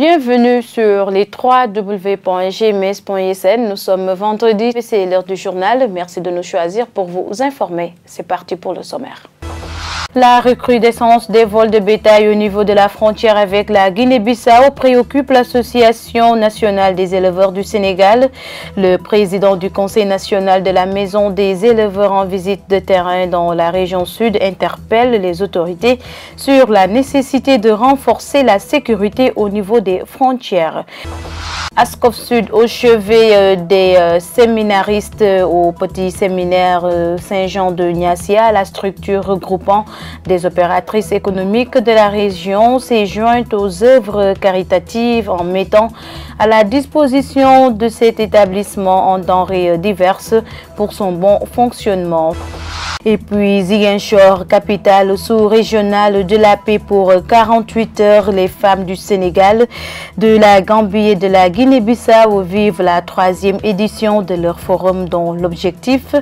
Bienvenue sur les 3 Nous sommes vendredi, c'est l'heure du journal. Merci de nous choisir pour vous informer. C'est parti pour le sommaire. La recrudescence des vols de bétail au niveau de la frontière avec la Guinée-Bissau préoccupe l'Association nationale des éleveurs du Sénégal. Le président du Conseil national de la Maison des éleveurs en visite de terrain dans la région sud interpelle les autorités sur la nécessité de renforcer la sécurité au niveau des frontières. Sud au chevet euh, des euh, séminaristes euh, au petit séminaire Saint-Jean de la structure regroupant des opératrices économiques de la région s'est jointe aux œuvres caritatives en mettant à la disposition de cet établissement en denrées diverses pour son bon fonctionnement. Et puis Ziguinchor, capitale sous-régionale de la paix pour 48 heures, les femmes du Sénégal, de la Gambie et de la Guinée-Bissau vivent la troisième édition de leur forum dont l'objectif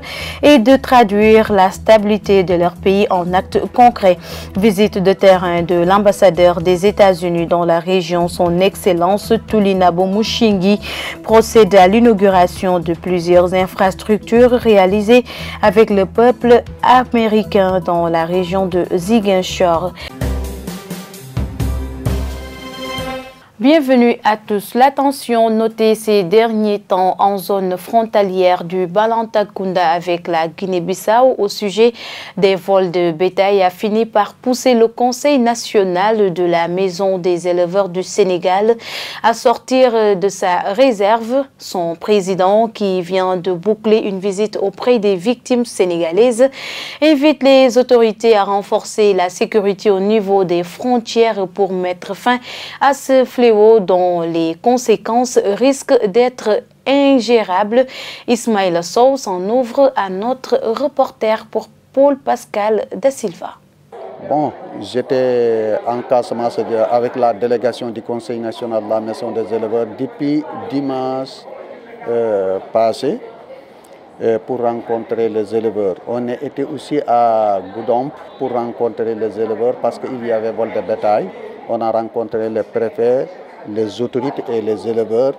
est de traduire la stabilité de leur pays en actes concret. Visite de terrain de l'ambassadeur des États-Unis dans la région, son Excellence Tulinabo Mushingi procède à l'inauguration de plusieurs infrastructures réalisées avec le peuple américain dans la région de Ziguinchor. Bienvenue à tous. L'attention notée ces derniers temps en zone frontalière du Balantakunda avec la Guinée-Bissau au sujet des vols de bétail a fini par pousser le Conseil national de la Maison des éleveurs du Sénégal à sortir de sa réserve. Son président, qui vient de boucler une visite auprès des victimes sénégalaises, invite les autorités à renforcer la sécurité au niveau des frontières pour mettre fin à ce fléau dont les conséquences risquent d'être ingérables. Ismaël Sow s'en ouvre à notre reporter pour Paul Pascal Da Silva. Bon, j'étais en cassement avec la délégation du Conseil national de la Maison des éleveurs depuis dimanche euh, passé euh, pour rencontrer les éleveurs. On était aussi à Goudomp pour rencontrer les éleveurs parce qu'il y avait vol de bétail on a rencontré les préfets, les autorités et les éleveurs.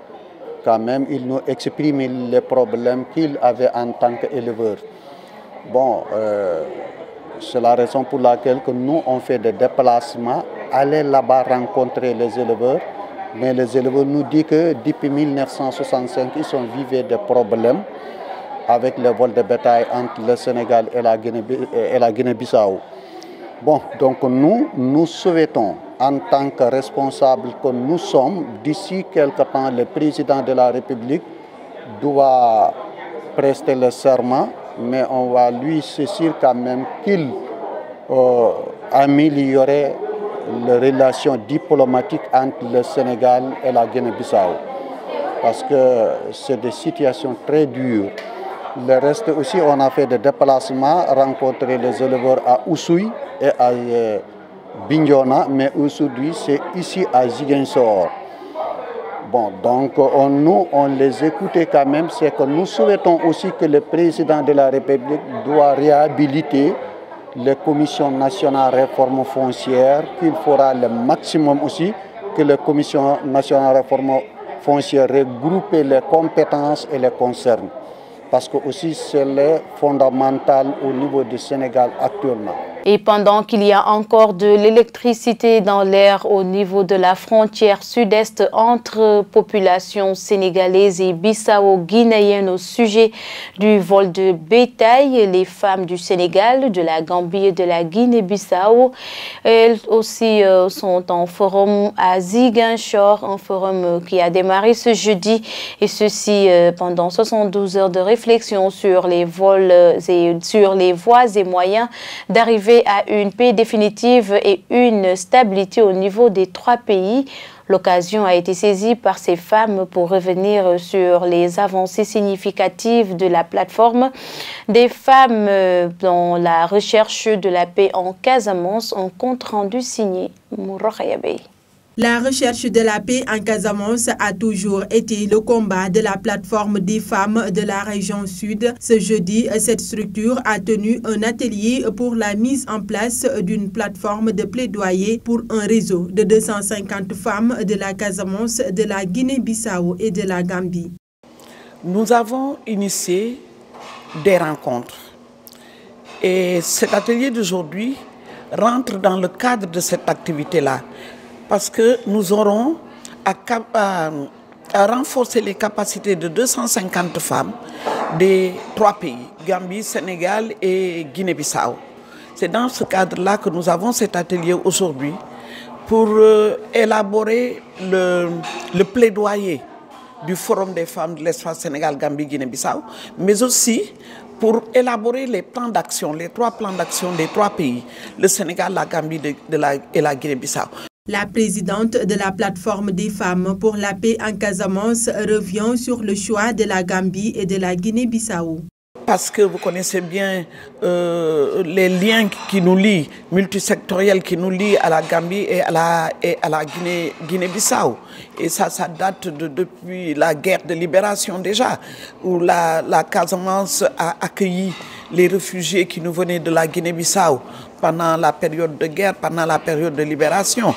Quand même, ils nous expriment les problèmes qu'ils avaient en tant qu'éleveurs. Bon, euh, c'est la raison pour laquelle que nous, on fait des déplacements, aller là-bas rencontrer les éleveurs. Mais les éleveurs nous disent que depuis 1965, ils ont vivé des problèmes avec le vol de bétail entre le Sénégal et la Guinée-Bissau. bon, donc nous, nous souhaitons en tant que responsable que nous sommes, d'ici quelque temps, le président de la République doit prester le serment, mais on va lui cesser quand même qu'il euh, améliorer les relations diplomatiques entre le Sénégal et la Guinée-Bissau. Parce que c'est des situations très dures. Le reste aussi, on a fait des déplacements, rencontré les éleveurs à Oussouy et à... Euh, Bignona, mais aujourd'hui c'est ici à Ziguinchor. Bon, donc nous, on les écoutait quand même, c'est que nous souhaitons aussi que le président de la République doit réhabiliter les commissions nationales réforme foncière, qu'il fera le maximum aussi que les commissions nationales réforme foncière regroupe les compétences et les concernes. Parce que aussi c'est le fondamental au niveau du Sénégal actuellement. Et pendant qu'il y a encore de l'électricité dans l'air au niveau de la frontière sud-est entre populations sénégalaises et bissau-guinéennes au sujet du vol de bétail, les femmes du Sénégal, de la Gambie et de la Guinée-Bissau, elles aussi euh, sont en forum à Ziguinchor, un forum qui a démarré ce jeudi et ceci euh, pendant 72 heures de réflexion sur les vols euh, et sur les voies et moyens d'arriver à une paix définitive et une stabilité au niveau des trois pays. L'occasion a été saisie par ces femmes pour revenir sur les avancées significatives de la plateforme des femmes euh, dans la recherche de la paix en Casamance ont compte rendu signé Mourorayabey. La recherche de la paix en Casamance a toujours été le combat de la plateforme des femmes de la région sud. Ce jeudi, cette structure a tenu un atelier pour la mise en place d'une plateforme de plaidoyer pour un réseau de 250 femmes de la Casamance, de la Guinée-Bissau et de la Gambie. Nous avons initié des rencontres. Et cet atelier d'aujourd'hui rentre dans le cadre de cette activité-là parce que nous aurons à, renforcer les capacités de 250 femmes des trois pays, Gambie, Sénégal et Guinée-Bissau. C'est dans ce cadre-là que nous avons cet atelier aujourd'hui pour euh, élaborer le, plaidoyer du Forum des femmes de l'espace Sénégal-Gambie-Guinée-Bissau, mais aussi pour élaborer les plans d'action, les trois plans d'action des trois pays, le Sénégal, la Gambie et la Guinée-Bissau. La présidente de la plateforme des femmes pour la paix en Casamance revient sur le choix de la Gambie et de la Guinée-Bissau. Parce que vous connaissez bien euh, les liens qui nous lient, multisectoriels qui nous lient à la Gambie et à la, Guinée, bissau Et ça, ça date depuis la guerre de libération déjà, où la Casamance a accueilli les réfugiés qui nous venaient de la Guinée-Bissau pendant la période de guerre, pendant la période de libération,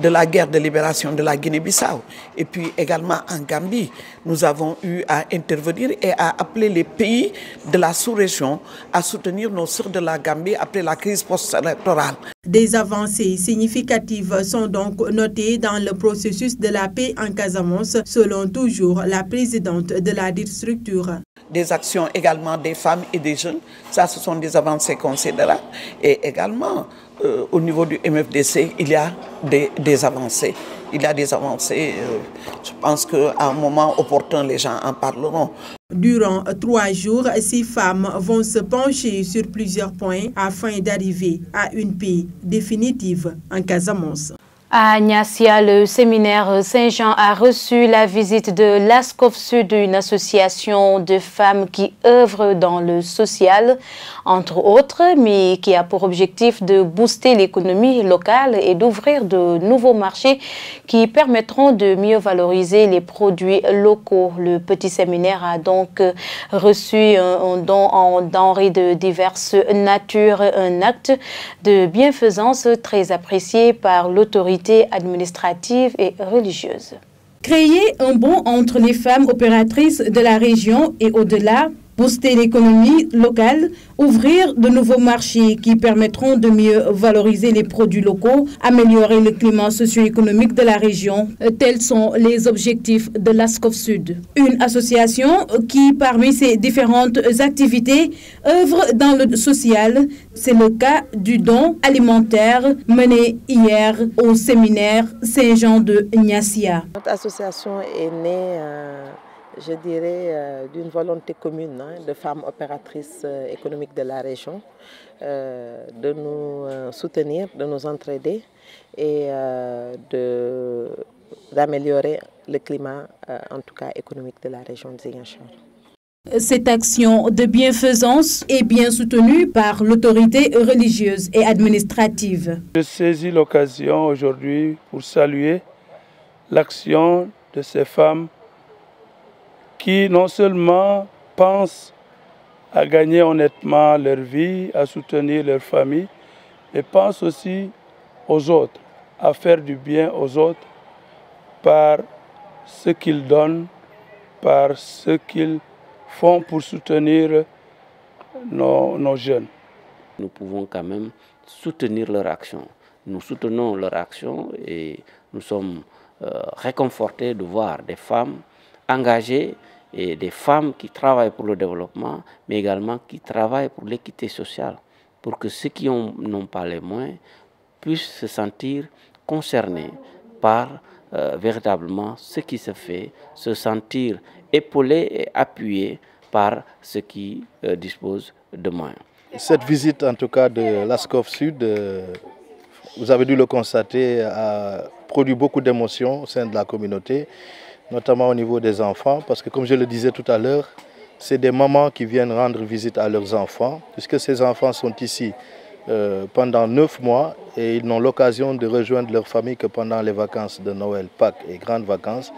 de la guerre de libération de la Guinée-Bissau. Et puis également en Gambie, nous avons eu à intervenir et à appeler les pays de la sous-région à soutenir nos sœurs de la Gambie après la crise post-électorale. Des avancées significatives sont donc notées dans le processus de la paix en Casamance, selon toujours la présidente de la dite structure des actions également des femmes et des jeunes. Ça, ce sont des avancées considérables. Et également, euh, au niveau du MFDC, il y a des, avancées. Il y a des avancées. Euh, je pense qu'à un moment opportun, les gens en parleront. Durant trois jours, ces femmes vont se pencher sur plusieurs points afin d'arriver à une paix définitive en Casamance. À Agnacia, le séminaire Saint-Jean a reçu la visite de l'ASCOF Sud, une association de femmes qui œuvre dans le social, entre autres, mais qui a pour objectif de booster l'économie locale et d'ouvrir de nouveaux marchés qui permettront de mieux valoriser les produits locaux. Le petit séminaire a donc reçu un don en denrées de diverses natures, un acte de bienfaisance très apprécié par l'autorité administrative et religieuse Créer un bond entre les femmes opératrices de la région et au-delà booster l'économie locale, ouvrir de nouveaux marchés qui permettront de mieux valoriser les produits locaux, améliorer le climat socio-économique de la région. Euh, tels sont les objectifs de l'ASCOF Sud. Une association qui, parmi ses différentes activités, œuvre dans le social. C'est le cas du don alimentaire mené hier au séminaire Saint-Jean de Nyassia. Notre association est née... Euh, je dirais, euh, d'une volonté commune hein, de femmes opératrices euh, économiques de la région, euh, de nous soutenir, de nous entraider et d'améliorer le climat, en tout cas économique de la région de Ziguinchor. Cette action de bienfaisance est bien soutenue par l'autorité religieuse et administrative. Je saisis l'occasion aujourd'hui pour saluer l'action de ces femmes qui non seulement pensent à gagner honnêtement leur vie, à soutenir leur famille, mais pensent aussi aux autres, à faire du bien aux autres par ce qu'ils donnent, par ce qu'ils font pour soutenir nos, jeunes. Nous pouvons quand même soutenir leur action. Nous soutenons leur action et nous sommes euh, réconfortés de voir des femmes engager et des femmes qui travaillent pour le développement, mais également qui travaillent pour l'équité sociale, pour que ceux qui n'ont pas les moyens puissent se sentir concernés par euh, véritablement ce qui se fait, se sentir épaulés et appuyés par ceux qui euh, disposent de moyens. Cette visite en tout cas de l'ASCOF Sud, euh, vous avez dû le constater, a produit beaucoup d'émotions au sein de la communauté notamment au niveau des enfants, parce que comme je le disais tout à l'heure, c'est des mamans qui viennent rendre visite à leurs enfants, puisque ces enfants sont ici euh, pendant neuf mois et ils n'ont l'occasion de rejoindre leur famille que pendant les vacances de Noël, Pâques et grandes vacances.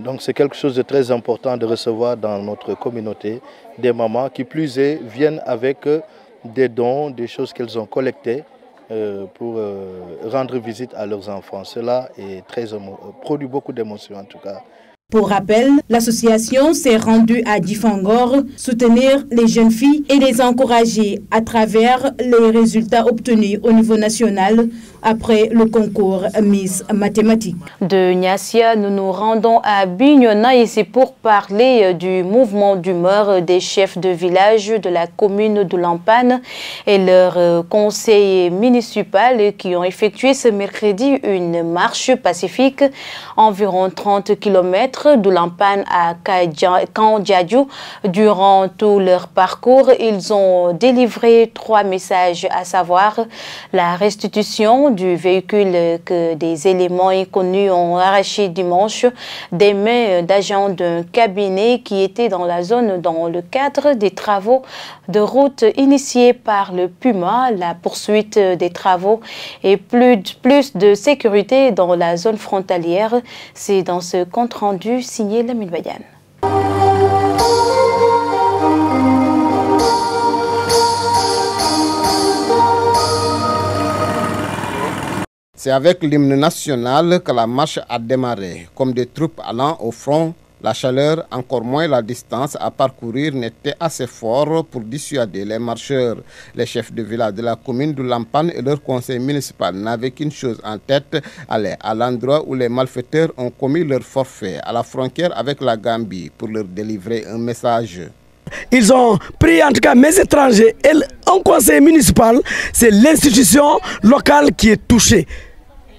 Donc c'est quelque chose de très important de recevoir dans notre communauté des mamans qui plus est viennent avec euh, des dons, des choses qu'elles ont collectées euh, pour rendre visite à leurs enfants. Cela est très, produit beaucoup d'émotions en tout cas pour rappel, l'association s'est rendue à Difangor soutenir les jeunes filles et les encourager à travers les résultats obtenus au niveau national après le concours Miss Mathématiques. De Niasia, nous nous rendons à Bignona ici pour parler euh, du mouvement d'humeur des chefs de village de la commune de Lampane et leur euh, conseillers municipal qui ont effectué ce mercredi une marche pacifique environ 30 km de Lampane à Kandjadjou. Durant tout leur parcours, ils ont délivré trois messages, à savoir la restitution du véhicule que des éléments inconnus ont arraché dimanche des mains d'agents d'un cabinet qui était dans la zone dans le cadre des travaux de route initiés par le Puma. La poursuite des travaux et plus, de sécurité dans la zone frontalière. C'est dans ce compte-rendu signé la Bayan. C'est avec l'hymne national que la marche a démarré. Comme des troupes allant au front, la chaleur, encore moins la distance à parcourir, n'était assez forte pour dissuader les marcheurs. Les chefs de village de la commune de Lampane et leur conseil municipal n'avaient qu'une chose en tête, aller à l'endroit où les malfaiteurs ont commis leur forfait, à la frontière avec la Gambie, pour leur délivrer un message. Ils ont pris en tout cas mes étrangers et un conseil municipal, c'est l'institution locale qui est touchée.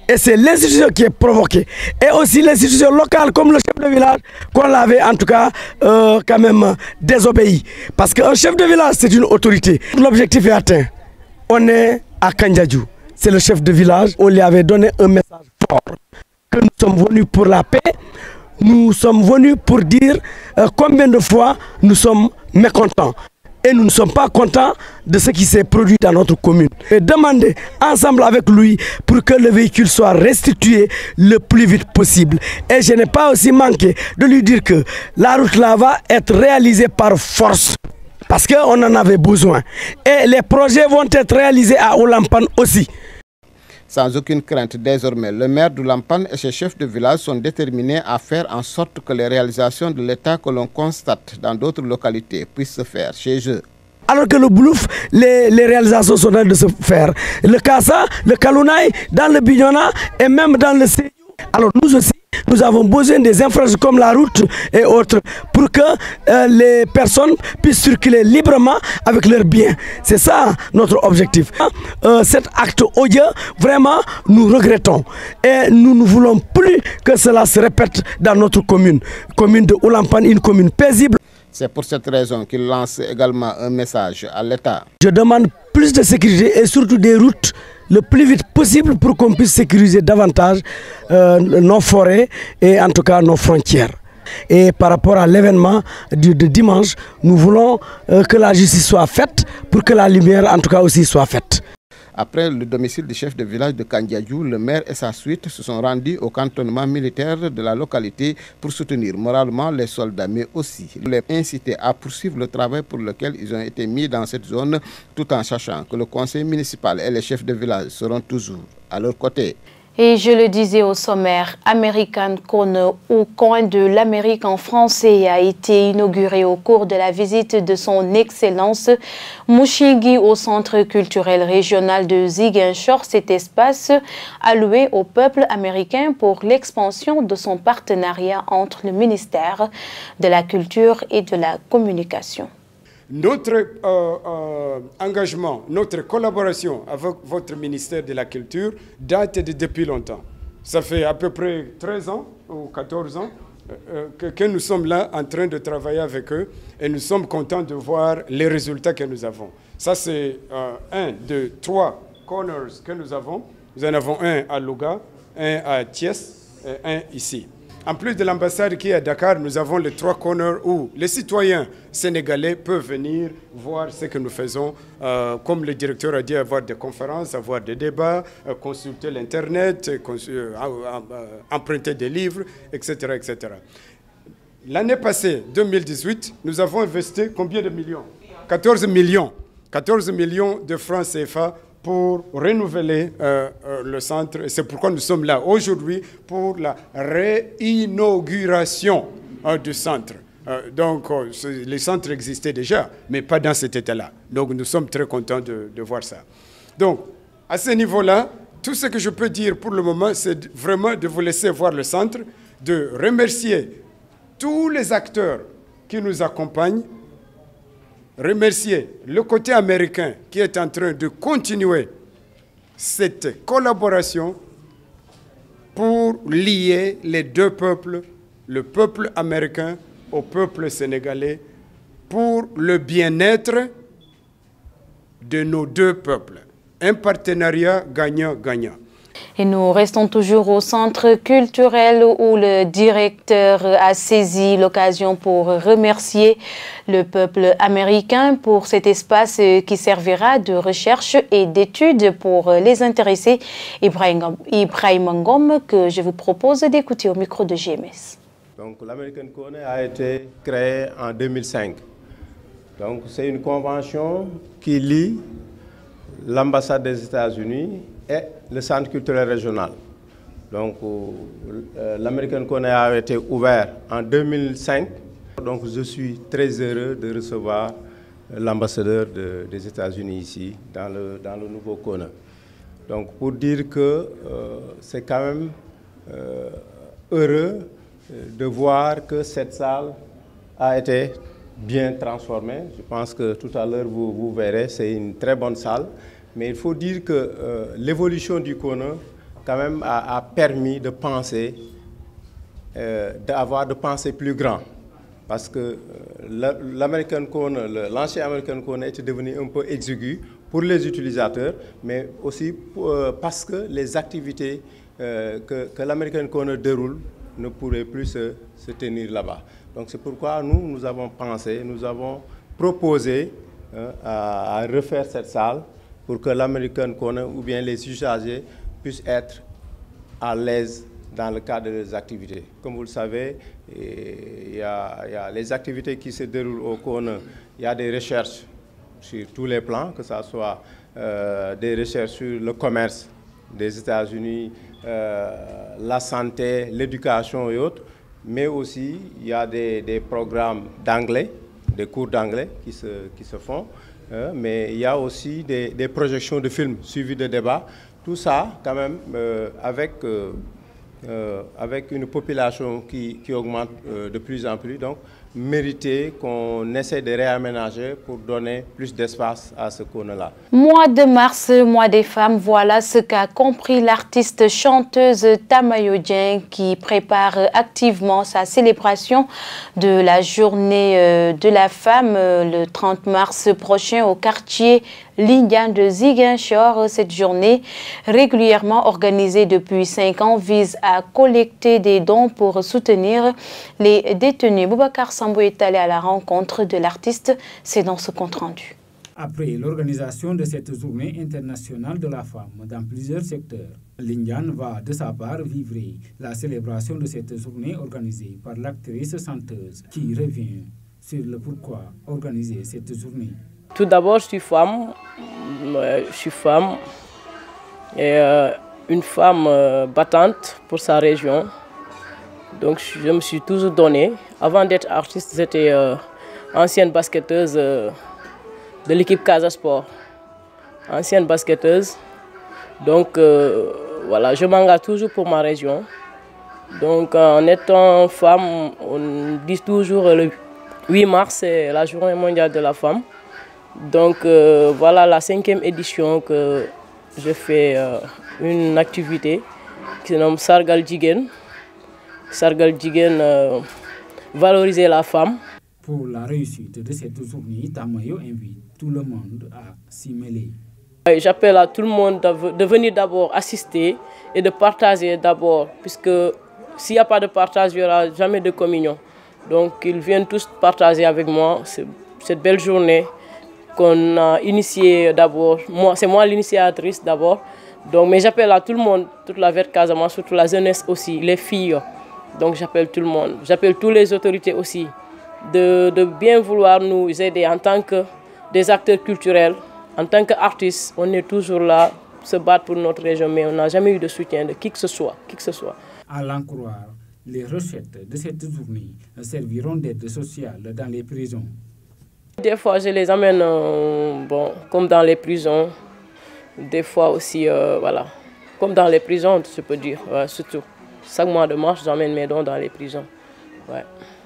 Et c'est l'institution qui est provoquée. Et aussi l'institution locale, comme le chef de village, qu'on l'avait en tout cas euh, quand même désobéi. Parce qu'un chef de village, c'est une autorité. L'objectif est atteint. On est à Kandjadjou. C'est le chef de village. On lui avait donné un message fort. Que nous sommes venus pour la paix. Nous sommes venus pour dire euh, combien de fois nous sommes mécontents et nous ne sommes pas contents de ce qui s'est produit dans notre commune. Et demander ensemble avec lui pour que le véhicule soit restitué le plus vite possible. Et je n'ai pas aussi manqué de lui dire que la route là va être réalisée par force parce qu'on en avait besoin. Et les projets vont être réalisés à Olampan aussi. Sans aucune crainte désormais, le maire de Lampan et ses chefs de village sont déterminés à faire en sorte que les réalisations de l'État que l'on constate dans d'autres localités puissent se faire chez eux. Alors que le Boulouf, les, réalisations sont en de se faire. Le Kassa, le Kalounaï, dans le Bignona et même dans le C alors nous aussi, nous avons besoin des infrastructures comme la route et autres pour que euh, les personnes puissent circuler librement avec leurs biens. C'est ça notre objectif. Euh, cet acte odieux, vraiment, nous regrettons. Et nous ne voulons plus que cela se répète dans notre commune. Commune de Oulampan, une commune paisible. C'est pour cette raison qu'il lance également un message à l'État. Je demande plus de sécurité et surtout des routes le plus vite possible pour qu'on puisse sécuriser davantage euh, nos forêts et en tout cas nos frontières. Et par rapport à l'événement de, dimanche, nous voulons euh, que la justice soit faite pour que la lumière en tout cas aussi soit faite. Après le domicile du chef de village de Kandiadjou, le maire et sa suite se sont rendus au cantonnement militaire de la localité pour soutenir moralement les soldats, mais aussi les inciter à poursuivre le travail pour lequel ils ont été mis dans cette zone, tout en sachant que le conseil municipal et les chefs de village seront toujours à leur côté. Et je le disais au sommaire, American Corner au coin de l'Amérique en français a été inauguré au cours de la visite de son Excellence Mushingi au Centre culturel régional de Ziguinchor. Cet espace alloué au peuple américain pour l'expansion de son partenariat entre le ministère de la Culture et de la Communication. Notre euh, euh, engagement, notre collaboration avec votre ministère de la Culture date de depuis longtemps. Ça fait à peu près 13 ans ou 14 ans euh, que, que, nous sommes là en train de travailler avec eux et nous sommes contents de voir les résultats que nous avons. Ça, c'est un de trois corners que nous avons. Nous en avons un à Luga, un à Thiès et un ici. En plus de l'ambassade qui est à Dakar, nous avons les trois corners où les citoyens sénégalais peuvent venir voir ce que nous faisons. Euh, comme le directeur a dit, avoir des conférences, avoir des débats, euh, consulter l'Internet, euh, emprunter des livres, etc. etc. L'année passée, 2018, nous avons investi combien de millions 14 millions. 14 millions de francs CFA pour renouveler euh, euh, le centre. c'est pourquoi nous sommes là aujourd'hui pour la réinauguration hein, du centre. Euh, donc, les centres existaient déjà, mais pas dans cet état-là. Donc, nous sommes très contents de, de voir ça. Donc, à ce niveau-là, tout ce que je peux dire pour le moment, c'est vraiment de vous laisser voir le centre, de remercier tous les acteurs qui nous accompagnent remercier le côté américain qui est en train de continuer cette collaboration pour lier les deux peuples, le peuple américain au peuple sénégalais, pour le bien-être de nos deux peuples. Un partenariat gagnant-gagnant. Et nous restons toujours au centre culturel où le directeur a saisi l'occasion pour remercier le peuple américain pour cet espace qui servira de recherche et d'études pour les intéressés. Ibrahim, que je vous propose d'écouter au micro de GMS. Donc l'American Corner a été créé en 2005. Donc c'est une convention qui lie l'ambassade des États-Unis et le centre culturel régional. Donc, euh, euh, l'American Corner a été ouvert en 2005. Donc, je suis très heureux de recevoir euh, l'ambassadeur des États-Unis ici, dans le, dans le nouveau Corner. Donc, pour dire que c'est quand même heureux de voir que cette salle a été bien transformée. Je pense que tout à l'heure, vous verrez, c'est une très bonne salle. Mais il faut dire que euh, l'évolution du Kona, quand même, a, permis de penser, euh, d'avoir de penser plus grand. Parce que euh, l'American l'ancien American Kona était devenu un peu exigu pour les utilisateurs, mais aussi parce que les activités que, l'American Kona déroule ne pourraient plus se, tenir là-bas. Donc c'est pourquoi nous, nous avons pensé, nous avons proposé hein, à, refaire cette salle pour que l'américaine connaît ou bien les usagers puissent être à l'aise dans le cadre des activités. Comme vous le savez, il y, a les activités qui se déroulent au Corner, il y a des recherches sur tous les plans, que ce soit euh, des recherches sur le commerce des États-Unis, euh, la santé, l'éducation et autres, mais aussi il y a des programmes d'anglais des cours d'anglais qui se, qui se font, hein, mais il y a aussi des, projections de films suivies de débats. Tout ça, quand même, euh, avec, euh, euh, avec une population qui, qui augmente de plus en plus. Donc, mérité qu'on essaie de réaménager pour donner plus d'espace à ce cône là Mois de mars, mois des femmes, voilà ce qu'a compris l'artiste chanteuse Tamayo qui prépare activement sa célébration de la journée euh, de la femme euh, le 30 mars prochain au quartier Lingan de Ziguinchor. Cette journée, régulièrement organisée depuis cinq ans, vise à collecter des dons pour soutenir les détenus. Boubacar est allé à la rencontre de l'artiste. C'est dans ce compte-rendu. Après l'organisation de cette journée internationale de la femme dans plusieurs secteurs, Lindiane va de sa part vivre la célébration de cette journée organisée par l'actrice chanteuse qui revient sur le pourquoi organiser cette journée. Tout d'abord, je suis femme. Je suis femme. Et euh, une femme euh, battante pour sa région. Donc je me suis toujours donné. Avant d'être artiste, j'étais euh, ancienne basketteuse euh, de l'équipe Casa Sport. Ancienne basketteuse. Donc euh, voilà, je m'engage toujours pour ma région. Donc en étant femme, on dit toujours le 8 mars, c'est la journée mondiale de la femme. Donc voilà la cinquième édition que je fais une activité qui se nomme Sargal Jigen sargal djigen euh, valoriser la femme. Pour la réussite de cette journée, Tamayo invite tout le monde à s'y mêler. J'appelle à tout le monde de venir d'abord assister et de partager d'abord, puisque s'il n'y a pas de partage, il n'y aura jamais de communion. Donc ils viennent tous partager avec moi cette belle journée qu'on a initiée d'abord. c'est moi l'initiatrice d'abord. mais j'appelle à tout le monde, toute la verte Casamance, surtout la jeunesse aussi, les filles. Donc j'appelle tout le monde, j'appelle toutes les autorités aussi de, bien vouloir nous aider en tant que des acteurs culturels, en tant qu'artistes. On est toujours là, se battre pour notre région, mais on n'a jamais eu de soutien de qui que ce soit. Qui que ce soit. À l'en les recettes de cette journée serviront d'aide sociale dans les prisons. Des fois, je les amène, euh, bon, comme dans les prisons. Des fois aussi, euh, voilà, comme dans les prisons, je peux dire, surtout chaque mois de mars, j'emmène mes dons dans les prisons. Ouais.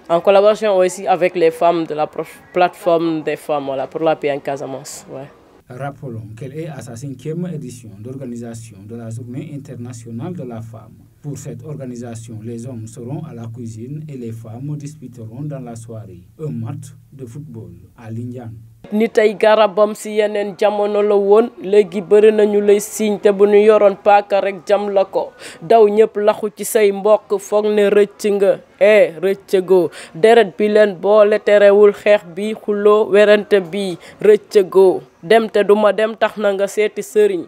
En collaboration aussi avec les femmes de la plateforme des femmes pour la paix en Casamance. Rappelons qu'elle est à sa cinquième édition d'organisation de la Journée internationale de la femme. Pour cette organisation, les hommes seront à la cuisine et les femmes disputeront dans la soirée un match de football à Lindiane. ni garabam si yenen jamono la won legui bëri nañu lay siiñ te bu yoron pa ka rek jam la daw ñëpp laxu ci say mbokk foog ne rëcc nga e deret bi bo boole terewul xex bi xuloo werante bi reccego dem te duma dem taxna nga sëriñ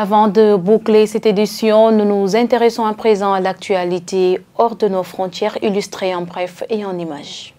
Avant de boucler cette édition, nous nous intéressons à présent à l'actualité hors de nos frontières, illustrée en bref et en images.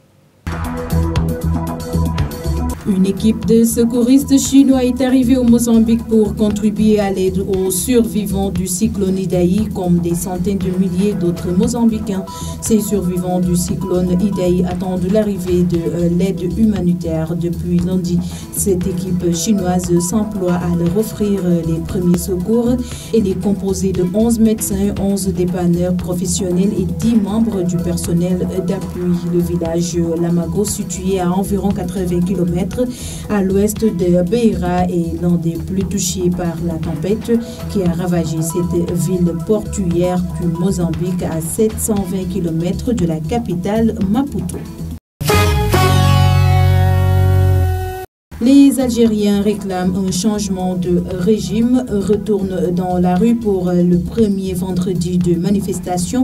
Une équipe de secouristes chinois est arrivée au Mozambique pour contribuer à l'aide aux survivants du cyclone Idai, comme des centaines de milliers d'autres Mozambicains. Ces survivants du cyclone Idai attendent l'arrivée de euh, l'aide humanitaire depuis lundi. Cette équipe chinoise s'emploie à leur offrir euh, les premiers secours. Elle est composée de 11 médecins, 11 dépanneurs professionnels et 10 membres du personnel d'appui. Le village Lamago, situé à environ 80 km à l'ouest de Beira et l'un des plus touchés par la tempête qui a ravagé cette ville portuaire du Mozambique à 720 km de la capitale Maputo. Les Algériens réclament un changement de régime, retournent dans la rue pour le premier vendredi de manifestation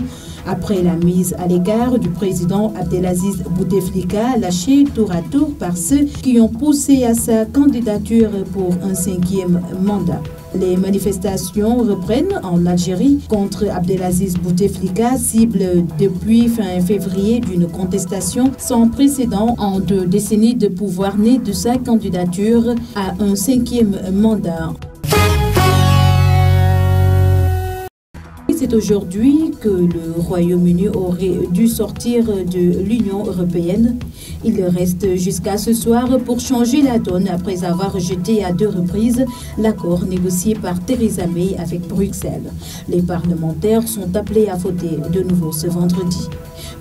après la mise à l'égard du président Abdelaziz Bouteflika, lâché tour à tour par ceux qui ont poussé à sa candidature pour un cinquième mandat. Les manifestations reprennent en Algérie contre Abdelaziz Bouteflika, cible depuis fin février d'une contestation sans précédent en deux décennies de pouvoir né de sa candidature à un cinquième mandat. C'est aujourd'hui que le Royaume-Uni aurait dû sortir de l'Union européenne. Il reste jusqu'à ce soir pour changer la donne après avoir rejeté à deux reprises l'accord négocié par Theresa May avec Bruxelles. Les parlementaires sont appelés à voter de nouveau ce vendredi.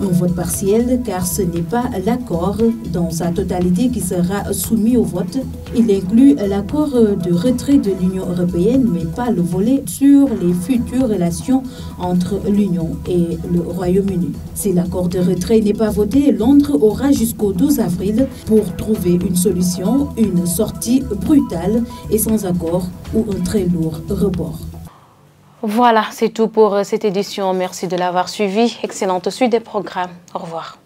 Un vote partiel car ce n'est pas l'accord dans sa totalité qui sera soumis au vote. Il inclut l'accord de retrait de l'Union européenne mais pas le volet sur les futures relations entre l'Union et le Royaume-Uni. Si l'accord de retrait n'est pas voté, Londres aura jusqu'au 12 avril pour trouver une solution, une sortie brutale et sans accord ou un très lourd rebord. Voilà, c'est tout pour euh, cette édition. Merci de l'avoir suivi. Excellente suite des programmes. Au revoir.